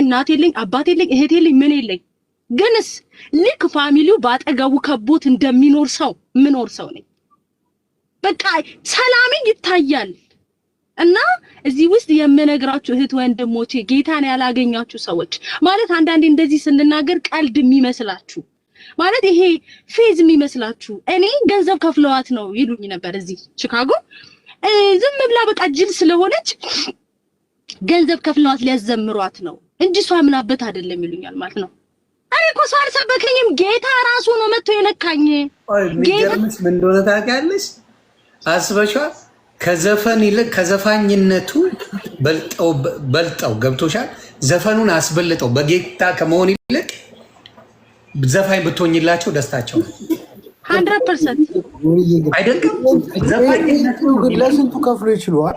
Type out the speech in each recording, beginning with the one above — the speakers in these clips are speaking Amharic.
እናት የለኝ፣ አባት የለኝ፣ እህት የለኝ፣ ምን የለኝ። ግንስ ልክ ፋሚሊው በአጠገቡ ከቦት እንደሚኖር ሰው ምኖር ሰው ነኝ። በቃ ሰላሜ ይታያል። እና እዚህ ውስጥ የምነግራችሁ እህት ወንድሞቼ፣ ጌታን ያላገኛችሁ ሰዎች ማለት አንዳንዴ እንደዚህ ስንናገር ቀልድ የሚመስላችሁ ማለት ይሄ ፌዝ የሚመስላችሁ እኔ ገንዘብ ከፍለዋት ነው ይሉኝ ነበር እዚህ ቺካጎ። ዝም ብላ በቃ ጅል ስለሆነች ገንዘብ ከፍለዋት ሊያዘምሯት ነው እንጂ እሷ ምናበት አይደለም ይሉኛል ማለት ነው። እኔ እኮ ሰው አልሰበከኝም። ጌታ ራሱ ነው መጥቶ የነካኝ። የሚገርምሽ ምን እንደሆነ ታውቂያለሽ? አስበሻል? ከዘፈን ይልቅ ከዘፋኝነቱ በልጠው በልጠው ገብቶሻል። ዘፈኑን አስበልጠው በጌታ ከመሆን ይልቅ ዘፋኝ ብትሆኝላቸው ደስታቸው ነው። ሀንድረድ ፐርሰንት አይደለም። ዘፋኝነቱ ግን ለስንቱ ከፍሎ ይችሏል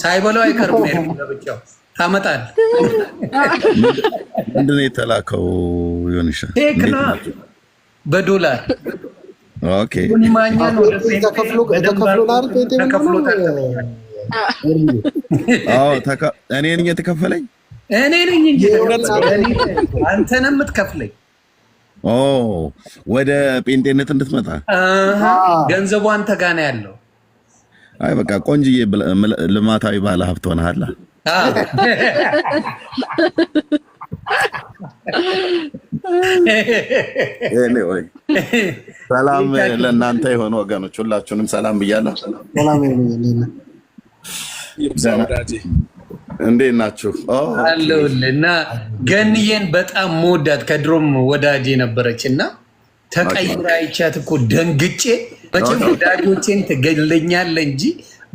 ሳይበለው አይቀርም። ብቻው ታመጣል። ምንድን ነው የተላከው? በዶላር እኔ ነኝ የተከፈለኝ። እኔ ነኝ እንጂ አንተ ነህ የምትከፍለኝ። ወደ ጴንጤነት እንድትመጣ ገንዘቡ አንተ ጋር ነው ያለው። አይ በቃ ቆንጅዬ ልማታዊ ባለ ሀብት ሆነሃል። ሰላም ለእናንተ የሆኑ ወገኖች ሁላችሁንም ሰላም ብያለሁ። እንዴት ናችሁ? እና ገንዬን በጣም መወዳት ከድሮም ወዳጅ የነበረች እና ተቀይራ አይቻት እኮ ደንግጬ መቼም ወዳጆቼን ትገለኛለ እንጂ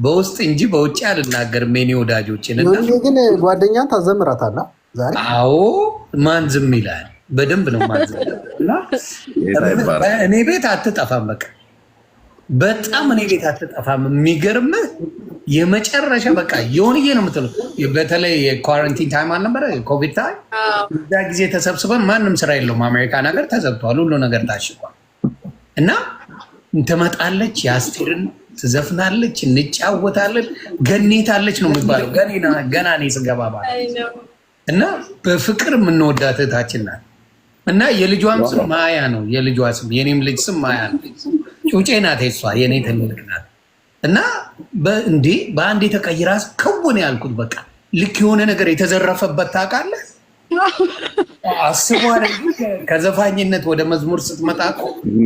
በውስጥ እንጂ በውጭ አልናገርም። የኔ ወዳጆችን ግን ጓደኛ ታዘምራታለህ። አዎ ማን ዝም ይላል? በደንብ ነው ማን እኔ ቤት አትጠፋም። በቃ በጣም እኔ ቤት አትጠፋም። የሚገርምህ የመጨረሻ በቃ የሆንዬ ነው የምትለው። በተለይ የኳረንቲን ታይም አልነበረ ኮቪድ ታይም፣ እዛ ጊዜ ተሰብስበን ማንም ስራ የለውም አሜሪካን ሀገር ተዘግቷል፣ ሁሉ ነገር ታሽቋል እና ትመጣለች፣ የአስቴርን ትዘፍናለች፣ እንጫወታለን። ገኔታለች ነው የሚባለው። ገና እኔ ስገባ ባለ እና በፍቅር የምንወዳት እህታችን ናት። እና የልጇም ስም ማያ ነው። የልጇ ስም የኔም ልጅ ስም ማያ ነው። ጩጬ ናት የሷ የኔ ትልቅ ናት። እና እንዲህ በአንድ የተቀይራ ከውን ያልኩት በቃ ልክ የሆነ ነገር የተዘረፈበት ታውቃለህ አስቡ ከዘፋኝነት ወደ መዝሙር ስትመጣ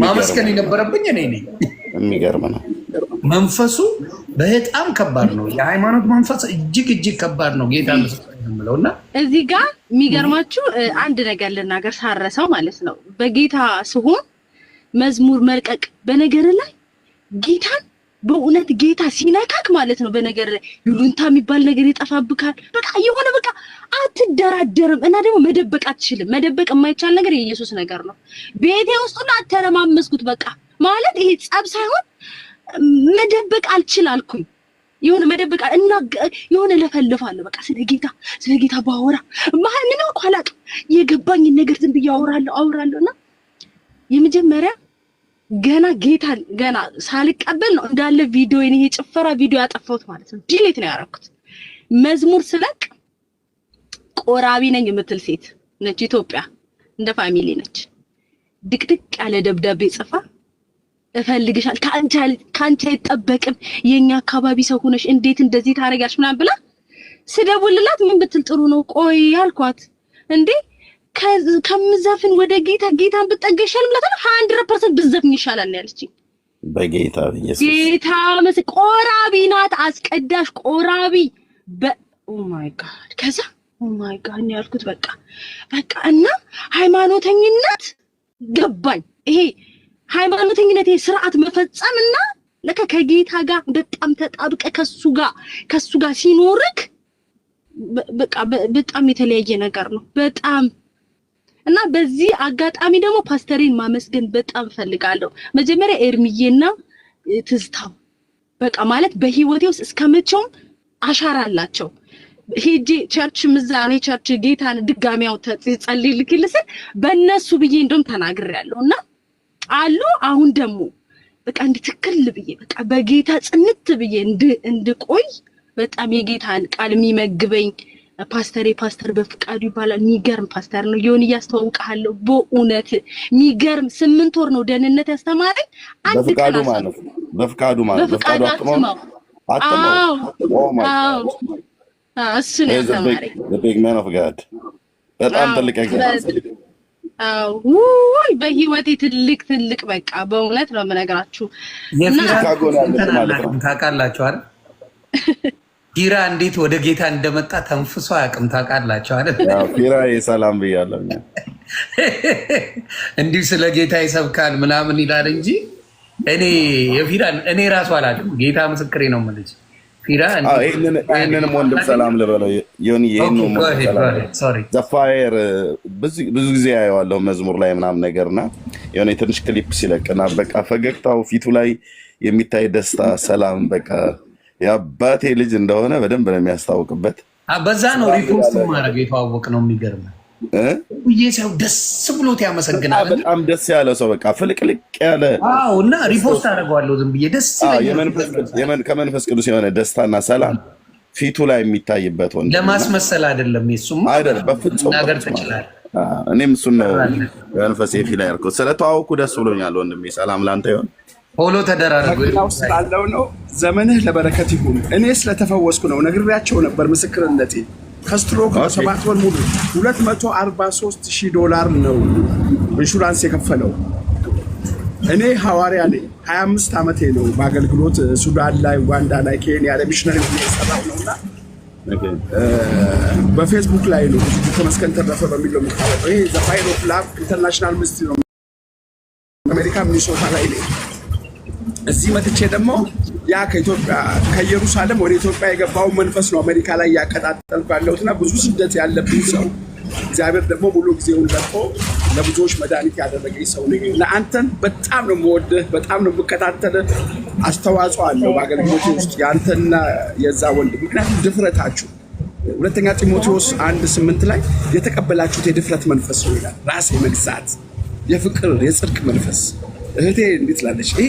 ማመስገን የነበረብኝ እኔ ነኝ። የሚገርም ነው። መንፈሱ በጣም ከባድ ነው። የሃይማኖት መንፈስ እጅግ እጅግ ከባድ ነው። ጌታ ምለው እና እዚህ ጋር የሚገርማችሁ አንድ ነገር ልናገር ሳረሰው ማለት ነው። በጌታ ስሆን መዝሙር መልቀቅ በነገር ላይ ጌታን በእውነት ጌታ ሲነካክ ማለት ነው። በነገር ላይ ይሉንታ የሚባል ነገር ይጠፋብካል። በቃ የሆነ በቃ አትደራደርም እና ደግሞ መደበቅ አትችልም። መደበቅ የማይቻል ነገር የኢየሱስ ነገር ነው። ቤቴ ውስጡና አተረማመስኩት በቃ ማለት ይሄ ጸብ ሳይሆን መደበቅ አልችል አልኩኝ። የሆነ መደበቅ እና የሆነ ለፈልፋለሁ በቃ ስለ ጌታ ስለ ጌታ ባወራ ማህ ምን እኮ አላውቅም። የገባኝን ነገር ዝም ብዬ አወራለሁ አወራለሁ እና የመጀመሪያ ገና ጌታ ገና ሳልቀበል ነው እንዳለ ቪዲዮ ይሄ ጭፈራ ቪዲዮ ያጠፋሁት ማለት ነው። ዲሌት ነው ያደረኩት መዝሙር ስለቅ ቆራቢ ነኝ የምትል ሴት ነች። ኢትዮጵያ እንደ ፋሚሊ ነች። ድቅድቅ ያለ ደብዳቤ ጽፋ እፈልግሻል፣ ከአንቺ አይጠበቅም፣ የኛ አካባቢ ሰው ሆነሽ እንዴት እንደዚህ ታደርጊያለሽ? ምናምን ብላ ስደውልላት ምን ብትል ጥሩ ነው? ቆይ አልኳት እንዴ ከምዘፍን ወደ ጌታ ጌታን ብጠጋ ይሻል ምላት ነው። ሀንድረድ ፐርሰንት ብዘፍን ይሻላል ነው ያለችኝ። በጌታ ጌታ ቆራቢ ናት፣ አስቀዳሽ ቆራቢ በኦ ማይ ጋድ ከዛ ማይ ጋድ ያልኩት በቃ በቃ እና ሃይማኖተኝነት ገባኝ። ይሄ ሃይማኖተኝነት ይሄ ስርዓት መፈጸም እና ለካ ከጌታ ጋር በጣም ተጣብቀ ከሱ ጋር ከሱ ጋር ሲኖርክ በቃ በጣም የተለያየ ነገር ነው በጣም እና በዚህ አጋጣሚ ደግሞ ፓስተሬን ማመስገን በጣም ፈልጋለሁ። መጀመሪያ ኤርሚዬና ትዝታው በቃ ማለት በህይወቴ ውስጥ እስከመቼውም አሻራ አላቸው። ሄጄ ቸርች ምዛኔ ቸርች ጌታን ድጋሚ ያው ጸልይ ልክልስ በእነሱ ብዬ እንደውም ተናግሬያለሁ። እና አሉ አሁን ደግሞ በቃ እንድትክል ብዬ በቃ በጌታ ጽንት ብዬ እንድቆይ በጣም የጌታን ቃል የሚመግበኝ ፓስተር ፓስተር በፍቃዱ ይባላል። የሚገርም ፓስተር ነው። የሆን እያስተዋውቀሃለሁ። በእውነት የሚገርም ስምንት ወር ነው ደህንነት ያስተማረኝ። አንድ ቀን በፍቃዱ ማለት በፍቃዱ አጥማው አጥማው እሱን ያስተማረኝ ቢግ ማን ኦፍ ጋድ በጣም ትልቅ ውይ በህይወቴ ትልቅ ትልቅ በቃ በእውነት ነው የምነግራችሁ። ታውቃላችሁ አይደል እንዴት ወደ ጌታ እንደመጣ ተንፍሶ አያውቅም። ታውቃላችሁ አይደል የሰላም ብያለሁ። እንዲሁ ስለ ጌታ ይሰብካል ምናምን ይላል እንጂ እኔ የፊራን እኔ ራሱ አላለም። ጌታ ምስክሬ ነው ይህንንም ወንድም ሰላም ልበለው። ዮኒ ዘፋየር ብዙ ጊዜ ያየዋለሁ መዝሙር ላይ ምናምን ነገር የሆነ ትንሽ ክሊፕ ሲለቅና በቃ ፈገግታው ፊቱ ላይ የሚታይ ደስታ፣ ሰላም በቃ የአባቴ ልጅ እንደሆነ በደንብ ነው የሚያስታውቅበት። በዛ ነው ማድረግ የተዋወቅ ነው የሚገርመው ይሄ ሰው ደስ ብሎት ያመሰግናል። በጣም ደስ ያለ ሰው በቃ ፍልቅልቅ ያለ እና ሪፖርት አደርገዋለሁ ዝም ብዬ ደስ ከመንፈስ ቅዱስ የሆነ ደስታና ሰላም ፊቱ ላይ የሚታይበት ወንድ ለማስመሰል አይደለም። ሱም አይደለም በፍጹም ነገር ትችላል። እኔም እሱን ነው መንፈስ ፊ ላይ ያልኩት። ስለተዋወኩ ደስ ብሎኛል ወንድሜ። ሰላም ላንተ ይሆን ሆሎ ተደራረጉ ስላለው ነው። ዘመንህ ለበረከት ይሁን። እኔ ስለተፈወስኩ ነው። ነግሬያቸው ነበር ምስክርነቴ ከስትሮክ ሰባት ወር ሙሉ 243 ሺህ ዶላር ነው ኢንሹራንስ የከፈለው። እኔ ሐዋርያ ነኝ። 25 ዓመቴ ነው በአገልግሎት ሱዳን ላይ፣ ዋንዳ ላይ፣ ኬንያ ላይ ሚሽነሪ የሰራው ነውና በፌስቡክ ላይ ነው ተመስገን ተረፈ በሚል ነው የሚታወቀው። ይሄ ዘፋይሮ ፕላፍ ኢንተርናሽናል ሚኒስትሪ ነው አሜሪካ ሚኒሶታ ላይ ነው። እዚህ መጥቼ ደግሞ ያ ከኢየሩሳሌም ወደ ኢትዮጵያ የገባውን መንፈስ ነው አሜሪካ ላይ እያቀጣጠልኩ ያለሁትና ብዙ ስደት ያለብኝ ሰው እግዚአብሔር ደግሞ ሙሉ ጊዜውን ለቆ ለብዙዎች መድኃኒት ያደረገኝ ሰው ነ ለአንተን በጣም ነው የምወድህ፣ በጣም ነው የምከታተልህ። አስተዋጽኦ አለው በአገልግሎት ውስጥ የአንተና የዛ ወንድ ምክንያቱም ድፍረታችሁ ሁለተኛ ጢሞቴዎስ አንድ ስምንት ላይ የተቀበላችሁት የድፍረት መንፈስ ነው ይላል። ራስ የመግዛት የፍቅር የጽድቅ መንፈስ እህቴ እንዴት ትላለች ይሄ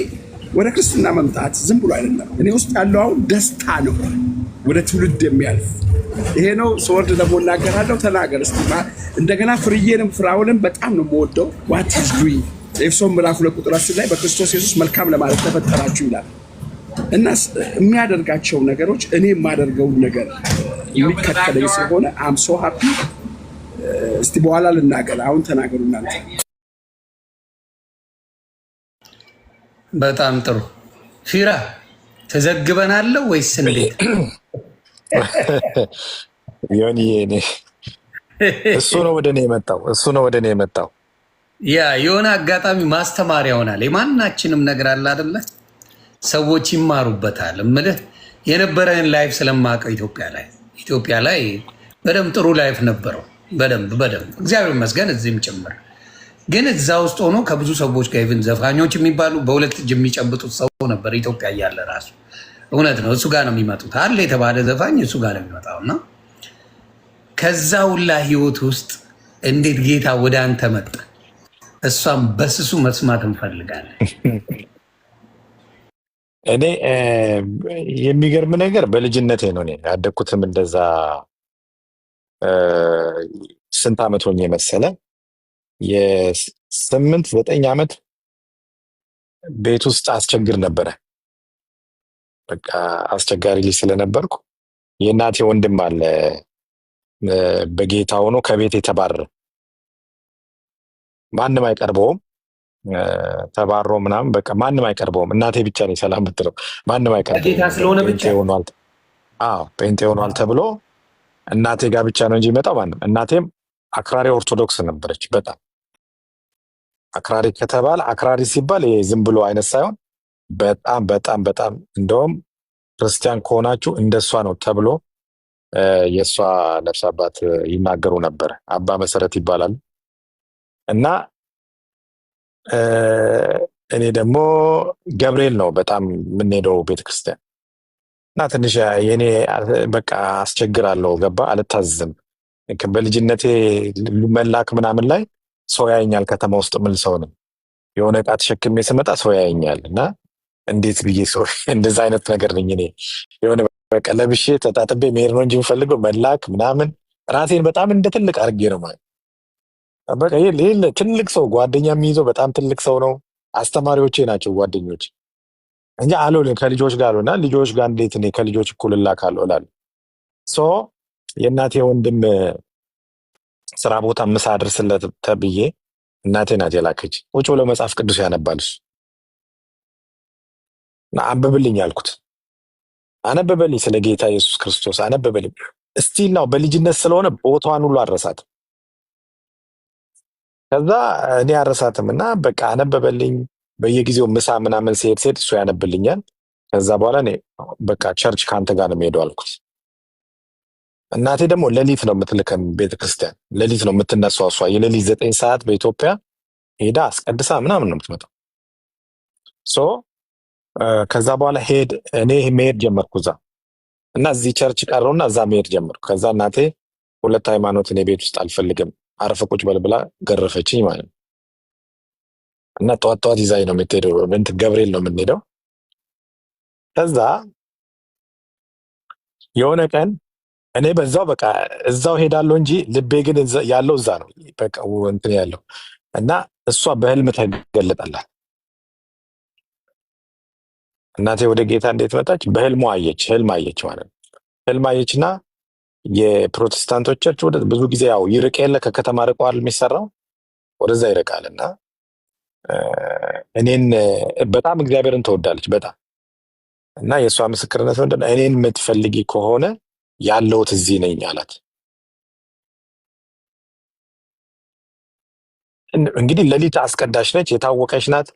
ወደ ክርስትና መምጣት ዝም ብሎ አይደለም። እኔ ውስጥ ያለው አሁን ደስታ ነው፣ ወደ ትውልድ የሚያልፍ ይሄ ነው። ስወርድ ደግሞ እናገራለሁ። ተናገር እስኪ። እንደገና ፍርዬንም ፍራውንም በጣም ነው የምወደው። ዋትዝ ዱይ ኤፌሶን ምዕራፍ ሁለት ቁጥር አስር ላይ በክርስቶስ ኢየሱስ መልካም ለማለት ተፈጠራችሁ ይላል እና የሚያደርጋቸው ነገሮች እኔ የማደርገውን ነገር የሚከተለኝ ስለሆነ አምሶ ሀፒ። እስቲ በኋላ ልናገር፣ አሁን ተናገሩ እናንተ በጣም ጥሩ ፊራ ተዘግበናለሁ ወይስ እንዴት? ዮኒዬ እኔ እሱ ነው ወደ እኔ የመጣው እሱ ነው ወደ እኔ የመጣው። ያ የሆነ አጋጣሚ ማስተማሪያ ይሆናል። የማናችንም ነገር አለ አይደለ? ሰዎች ይማሩበታል። እምልህ የነበረን ላይፍ ስለማውቀው ኢትዮጵያ ላይ ኢትዮጵያ ላይ በደንብ ጥሩ ላይፍ ነበረው። በደንብ በደንብ እግዚአብሔር ይመስገን እዚህም ጭምር ግን እዛ ውስጥ ሆኖ ከብዙ ሰዎች ጋር ኢቭን ዘፋኞች የሚባሉ በሁለት እጅ የሚጨብጡት ሰው ነበር ኢትዮጵያ እያለ ራሱ እውነት ነው። እሱ ጋር ነው የሚመጡት አለ የተባለ ዘፋኝ እሱ ጋር ነው የሚመጣው እና ከዛ ሁላ ህይወት ውስጥ እንዴት ጌታ ወደ አንተ መጣ? እሷም በስሱ መስማት እንፈልጋለን። እኔ የሚገርም ነገር በልጅነቴ ነው እኔ ያደግኩትም እንደዛ ስንት ዓመት ሆኜ የስምንት ዘጠኝ ዓመት ቤት ውስጥ አስቸግር ነበረ። በቃ አስቸጋሪ ልጅ ስለነበርኩ የእናቴ ወንድም አለ በጌታ ሆኖ ከቤት የተባረረ ማንም አይቀርበውም። ተባሮ ምናምን በቃ ማንም አይቀርበውም። እናቴ ብቻ ነው ሰላም ብትለው ማንም አይቀርበውም። ጴንጤ ሆኗል ተብሎ እናቴ ጋር ብቻ ነው እንጂ ይመጣው ማንም። እናቴም አክራሪ ኦርቶዶክስ ነበረች በጣም አክራሪ ከተባለ አክራሪ ሲባል ዝም ብሎ አይነት ሳይሆን በጣም በጣም በጣም እንደውም ክርስቲያን ከሆናችሁ እንደሷ ነው ተብሎ የእሷ ነፍስ አባት ይናገሩ ነበር። አባ መሰረት ይባላል እና እኔ ደግሞ ገብርኤል ነው በጣም የምንሄደው ቤተክርስቲያን እና ትንሽ የኔ በቃ አስቸግራለሁ። ገባ አልታዘዝም። በልጅነቴ መላክ ምናምን ላይ ሰው ያየኛል። ከተማ ውስጥ ምል ሰው ነው የሆነ እቃ ተሸክሜ ስመጣ ሰው ያየኛል እና እንዴት ብዬ ሰው እንደዛ አይነት ነገር ነኝ እኔ የሆነ በቃ ለብሼ ተጣጥቤ መሄድ ነው እንጂ የምፈልገው መላክ ምናምን ራሴን በጣም እንደ ትልቅ አድርጌ ነው ማለት በቃ ሌለ ትልቅ ሰው ጓደኛ የሚይዘው በጣም ትልቅ ሰው ነው። አስተማሪዎቼ ናቸው ጓደኞች እንጂ አልሆንም ከልጆች ጋር አልሆና ልጆች ጋር እንዴት እኔ ከልጆች እኩል እላካለሁ እላለሁ። ሶ የእናቴ ወንድም ስራ ቦታ ምሳ አድርስለት ተብዬ እናቴ ናት የላከች። ውጭ ብሎ መጽሐፍ ቅዱስ ያነባልሽ አንብብልኝ ያልኩት አነበበልኝ። ስለ ጌታ ኢየሱስ ክርስቶስ አነበበልኝ። እስቲል ነው በልጅነት ስለሆነ ቦታዋን ሁሉ አረሳት። ከዛ እኔ አረሳትም እና በቃ አነበበልኝ። በየጊዜው ምሳ ምናምን ሲሄድ ሲሄድ እሱ ያነብልኛል። ከዛ በኋላ እኔ በቃ ቸርች ከአንተ ጋር ነው የምሄደው አልኩት። እናቴ ደግሞ ሌሊት ነው የምትልከን ቤተክርስቲያን። ሌሊት ነው የምትነሷሷ። የሌሊት ዘጠኝ ሰዓት በኢትዮጵያ ሄዳ አስቀድሳ ምናምን ነው የምትመጣው። ሶ ከዛ በኋላ ሄድ እኔ መሄድ ጀመርኩ እዛ እና እዚህ ቸርች ቀረውና እዛ መሄድ ጀመርኩ። ከዛ እናቴ ሁለት ሃይማኖት እኔ ቤት ውስጥ አልፈልግም፣ አረፈ ቁጭ በል ብላ ገረፈችኝ ማለት ነው። እና ጠዋት ጠዋት ይዛኝ ነው የምትሄደው። እንትን ገብርኤል ነው የምንሄደው። ከዛ የሆነ ቀን እኔ በዛው በቃ እዛው ሄዳለሁ እንጂ ልቤ ግን ያለው እዛ ነው። በቃ እንትን ያለው እና እሷ በህልም ተገለጠላት። እናቴ ወደ ጌታ እንዴት መጣች? በህልሙ አየች፣ ህልም አየች ማለት ነው። ህልም አየችና የፕሮቴስታንቶች ቸርች ወደ ብዙ ጊዜ ያው ይርቅ የለ ከከተማ ርቀዋል የሚሰራው ወደዛ ይርቃል። እና እኔን በጣም እግዚአብሔርን ተወዳለች በጣም እና የእሷ ምስክርነት ምንድነው? እኔን የምትፈልጊ ከሆነ ያለሁት እዚህ ነኝ አላት። እንግዲህ ሌሊት አስቀዳሽ ነች፣ የታወቀች ናት፣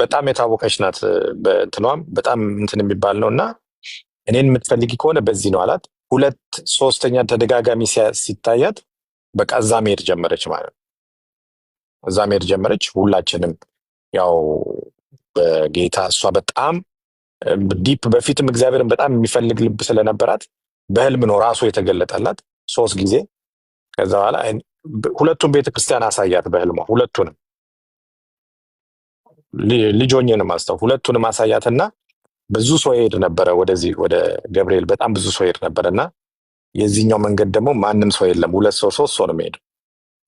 በጣም የታወቀች ናት። በትኗም በጣም እንትን የሚባል ነው እና እኔን የምትፈልጊ ከሆነ በዚህ ነው አላት። ሁለት ሶስተኛ ተደጋጋሚ ሲታያት በቃ እዛ መሄድ ጀመረች ማለት ነው። እዛ መሄድ ጀመረች። ሁላችንም ያው በጌታ እሷ በጣም ዲፕ በፊትም እግዚአብሔርን በጣም የሚፈልግ ልብ ስለነበራት በህልም ነው ራሱ የተገለጠላት ሶስት ጊዜ። ከዛ በኋላ ሁለቱን ቤተክርስቲያን አሳያት በህልሟ ሁለቱንም ልጆኝንም አስተው ሁለቱንም አሳያትና ብዙ ሰው ይሄድ ነበረ ወደዚህ ወደ ገብርኤል በጣም ብዙ ሰው ይሄድ ነበረ እና የዚህኛው መንገድ ደግሞ ማንም ሰው የለም ሁለት ሰው ሶስት ሰው ነው የሚሄዱ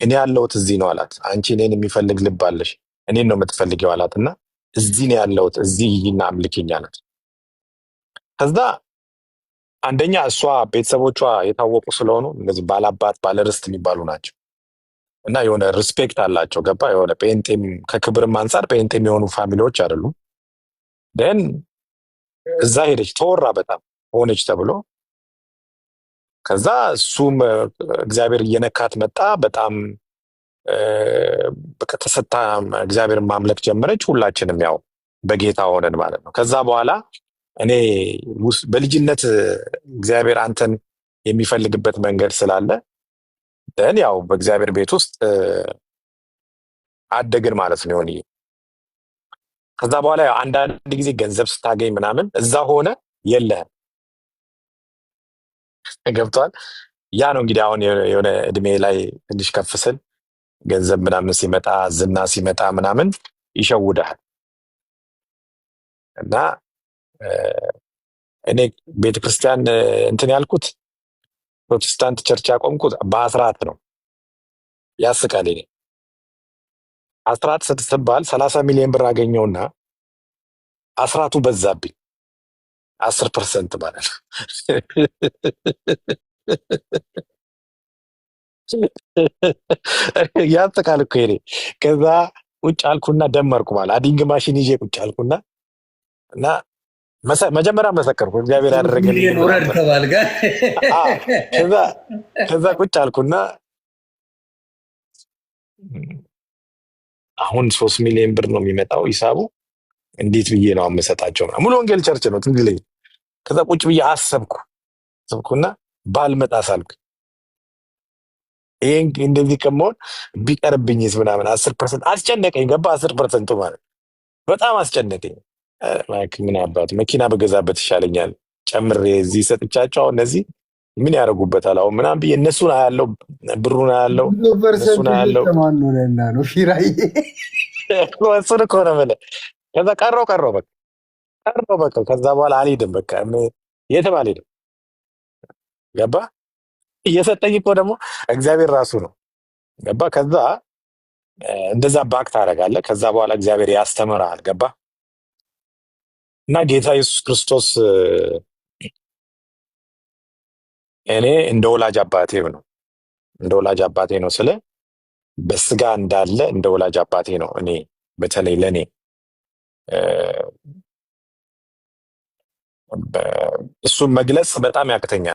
እኔ ያለሁት እዚህ ነው አላት አንቺ እኔን የሚፈልግ ልብ አለሽ እኔን ነው የምትፈልጊው አላት እና እዚህ ነው ያለሁት እዚህ ይና አምልኪኝ አላት ከዛ አንደኛ እሷ ቤተሰቦቿ የታወቁ ስለሆኑ እነዚህ ባላባት ባለርስት የሚባሉ ናቸው እና የሆነ ሪስፔክት አላቸው። ገባ የሆነ ጴንጤም ከክብርም አንጻር ጴንጤም የሆኑ ፋሚሊዎች አይደሉም። ደን እዛ ሄደች ተወራ በጣም ሆነች ተብሎ ከዛ እሱም እግዚአብሔር እየነካት መጣ። በጣም ተሰታ እግዚአብሔር ማምለክ ጀመረች። ሁላችንም ያው በጌታ ሆነን ማለት ነው። ከዛ በኋላ እኔ በልጅነት እግዚአብሔር አንተን የሚፈልግበት መንገድ ስላለ ደን ያው በእግዚአብሔር ቤት ውስጥ አደግን ማለት ነው። ሆን ከዛ በኋላ ያው አንዳንድ ጊዜ ገንዘብ ስታገኝ ምናምን እዛ ሆነ የለህም ገብቷል። ያ ነው እንግዲህ አሁን የሆነ እድሜ ላይ ትንሽ ከፍ ስል ገንዘብ ምናምን ሲመጣ ዝና ሲመጣ ምናምን ይሸውዳል እና እኔ ቤተክርስቲያን እንትን ያልኩት ፕሮቴስታንት ቸርች ያቆምኩት በአስራት ነው። ያስቃል። እኔ አስራት ስትባል ሰላሳ ሚሊዮን ብር አገኘውና አስራቱ በዛብኝ። አስር ፐርሰንት ማለት ያስቃል እኮ ኔ ከዛ ቁጭ አልኩና ደመርኩ ማለት አዲንግ ማሽን ይዤ ቁጭ አልኩና እና መጀመሪያ መሰከርኩ። እግዚአብሔር ያደረገልኝ ከዛ ቁጭ አልኩና አሁን ሶስት ሚሊዮን ብር ነው የሚመጣው ሂሳቡ እንዴት ብዬ ነው አመሰጣቸው? ሙሉ ወንጌል ቸርች ነው ትግል። ከዛ ቁጭ ብዬ አሰብኩ አሰብኩና ባልመጣ ሳልኩ ይህን እንደዚህ ከመሆን ቢቀርብኝስ ምናምን አስር ፐርሰንት አስጨነቀኝ። ገባ አስር ፐርሰንቱ ማለት በጣም አስጨነቀኝ። ምን አባት መኪና በገዛበት ይሻለኛል ጨምሬ እዚህ ሰጥቻቸው እነዚህ ምን ያደርጉበታል አሁን ምናምን ብዬ እነሱን አያለው ብሩን አያለው እሱን አያለው እሱን እኮ ነው የምልህ ከዛ ቀረው ቀረው በቃ ቀረው በቃ ከዛ በኋላ አልሄድም በቃ የትም አልሄድም ገባ እየሰጠኝ እኮ ደግሞ እግዚአብሔር ራሱ ነው ገባ ከዛ እንደዛ ባክ ታደርጋለህ ከዛ በኋላ እግዚአብሔር ያስተምርሃል ገባ እና ጌታ ኢየሱስ ክርስቶስ እኔ እንደ ወላጅ አባቴ ነው እንደ ወላጅ አባቴ ነው ስለ በስጋ እንዳለ እንደ ወላጅ አባቴ ነው። እኔ በተለይ ለእኔ እሱን መግለጽ በጣም ያቅተኛል።